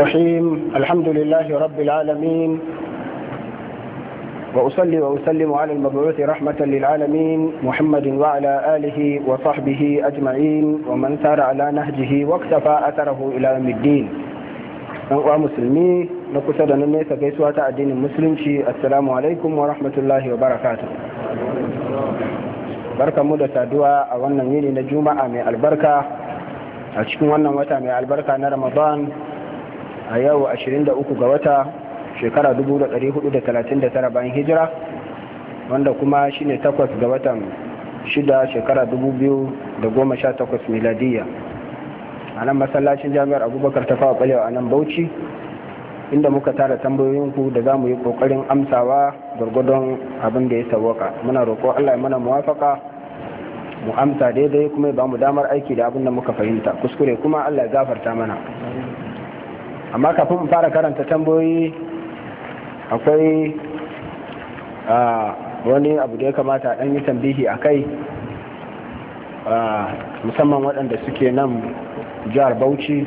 الرحيم الحمد لله رب العالمين وأصلي وأسلم على المبعوث رحمة للعالمين محمد وعلى آله وصحبه أجمعين ومن سار على نهجه واكتفى أثره إلى يوم الدين ومسلمي نقصد أن ليس كيسوة الدين المسلم السلام عليكم ورحمة الله وبركاته بركة مدة دعاء وأن نجوم أمي البركة أشكو أن نجوم أمي البركة رمضان a yau 23 ga wata shekara 439 bayan hijira wanda kuma shine takwas ga watan shida shekara 2018 miladiyya a nan masallacin jami'ar abubakar ta fawa kwalewa a nan bauchi inda muka tara tambayoyinku da za mu yi kokarin amsawa gwargwadon abin da ya sawwaka muna roƙo allah mana muwafaka mu amsa daidai kuma ba mu damar aiki da abin da muka fahimta kuskure kuma allah ya gafarta mana amma kafin mu fara karanta tambayoyi akwai wani abu da ya kamata a yi tambihi a kai musamman waɗanda suke nan jihar bauchi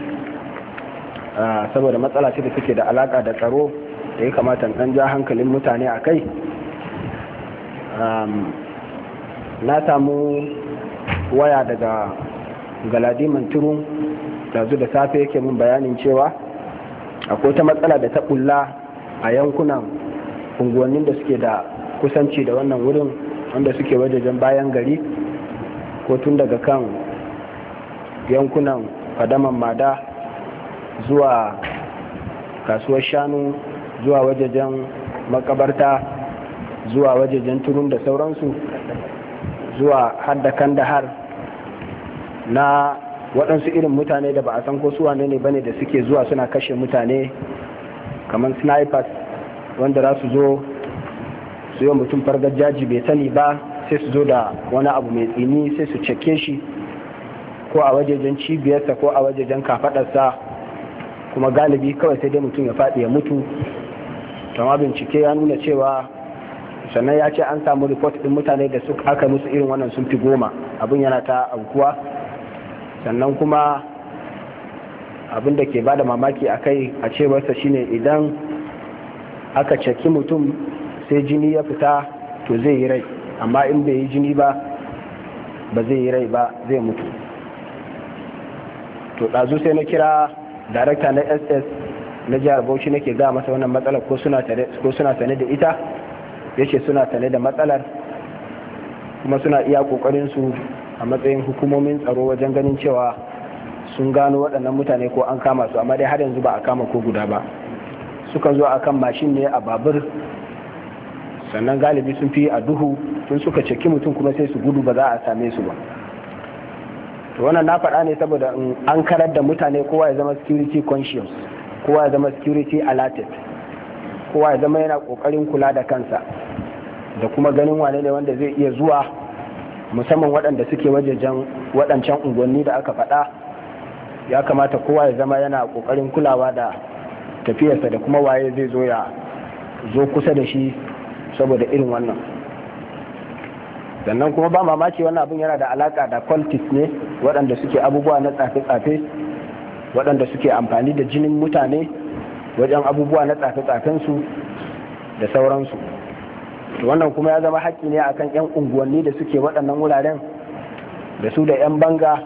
saboda matsala ce da suke da alaƙa da tsaro da ya kamata ɗan ja hankalin mutane a kai na samu waya daga galadiman turu da da safe yake min bayanin cewa akwai ta matsala da ta kulla a yankunan unguwannin da suke da kusanci da wannan wurin wanda suke wajajen bayan gari ko tun daga kan yankunan fadaman mada zuwa kasuwar shanu zuwa wajajen makabarta zuwa wajajen turun da sauransu zuwa haddakan da har na waɗansu irin mutane da ba a san ko su wane ne bane da suke zuwa suna kashe mutane kamar snipers wanda za su zo su yi mutum fargar jaji bai sani ba sai su zo da wani abu mai tsini sai su ceke shi ko a wajejen cibiyarsa ko a wajejen kafaɗarsa kuma galibi kawai sai dai mutum ya faɗi ya mutu kama bincike ya nuna cewa sannan ya ce an samu report ɗin mutane da suka aka musu irin wannan sun fi goma abin yana ta aukuwa sannan kuma abin da ke ba da mamaki a kai a cewarsa shine idan aka caki mutum sai jini ya fita to zai yi rai amma in bai yi jini ba ba zai yi rai ba zai mutu to ɗazu sai na kira darakta na ss na jihar bauchi nake ga masa wannan matsalar ko suna sane da ita ya ce suna sane da matsalar kuma suna iya su a matsayin hukumomin tsaro wajen ganin cewa sun gano waɗannan mutane ko an kama su amma dai har yanzu ba a kama ko guda ba suka zo a kan mashin ne a babur sannan galibi sun fi a duhu tun suka ceki mutum kuma sai su gudu ba za a same su ba to wannan na faɗa ne saboda in an karar da mutane kowa ya zama security conscious kowa ya zama security alerted kowa ya zama yana ƙoƙarin kula da kansa da kuma ganin wane ne wanda zai iya zuwa musamman waɗanda suke wajejen waɗancan unguwanni da aka faɗa ya kamata kowa ya zama yana ƙoƙarin kulawa da tafiyarsa da kuma waye zai zo ya zo kusa da shi saboda irin wannan sannan kuma ba mamaki wannan abin yana da alaƙa da cultist ne waɗanda suke abubuwa na tsafe-tsafe waɗanda suke amfani da jinin mutane wajen abubuwa na tsafe-tsafensu da sauransu wannan kuma ya zama haƙƙi ne akan 'yan unguwanni da suke waɗannan wuraren da su da 'yan banga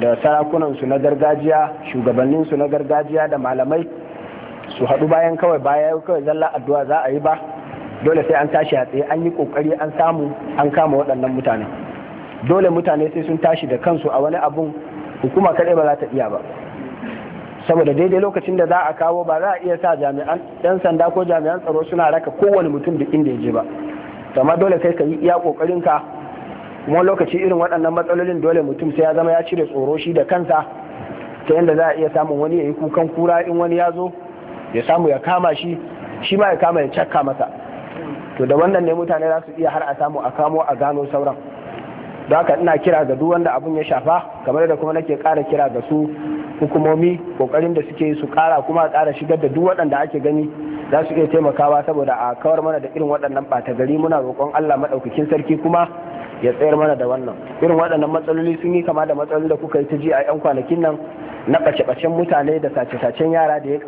da sarakunansu na gargajiya shugabanninsu na gargajiya da malamai su haɗu bayan kawai baya kawai zalla addu'a za a yi ba dole sai an tashi a tsaye an yi ƙoƙari an samu an kama waɗannan mutane dole mutane sai sun tashi da kansu a wani abun hukuma kaɗai ba za ta iya ba saboda daidai lokacin da za a kawo ba za a iya sa jami'an yan sanda ko jami'an tsaro suna raka kowane mutum duk inda ya je ba amma dole kai ka yi iya kokarin ka kuma lokaci irin waɗannan matsalolin dole mutum sai ya zama ya cire tsoro shi da kansa ta yadda za a iya samun wani ya yi kukan kura in wani ya zo ya samu ya kama shi shi ma ya kama ya cakka masa to da wannan ne mutane za su iya har a samu a kamo a gano sauran don haka ina kira ga duk wanda abun ya shafa kamar da kuma nake kara kira ga su hukumomi kokarin da suke su kara kuma a kara shigar da duk waɗanda ake gani za su iya taimakawa saboda a kawar mana da irin waɗannan ɓata gari muna roƙon Allah maɗaukakin sarki kuma ya tsayar mana da wannan irin waɗannan matsaloli sun yi kama da matsalolin da kuka yi ta ji a 'yan kwanakin nan na ɓace-ɓacen mutane da sace-sacen yara da ya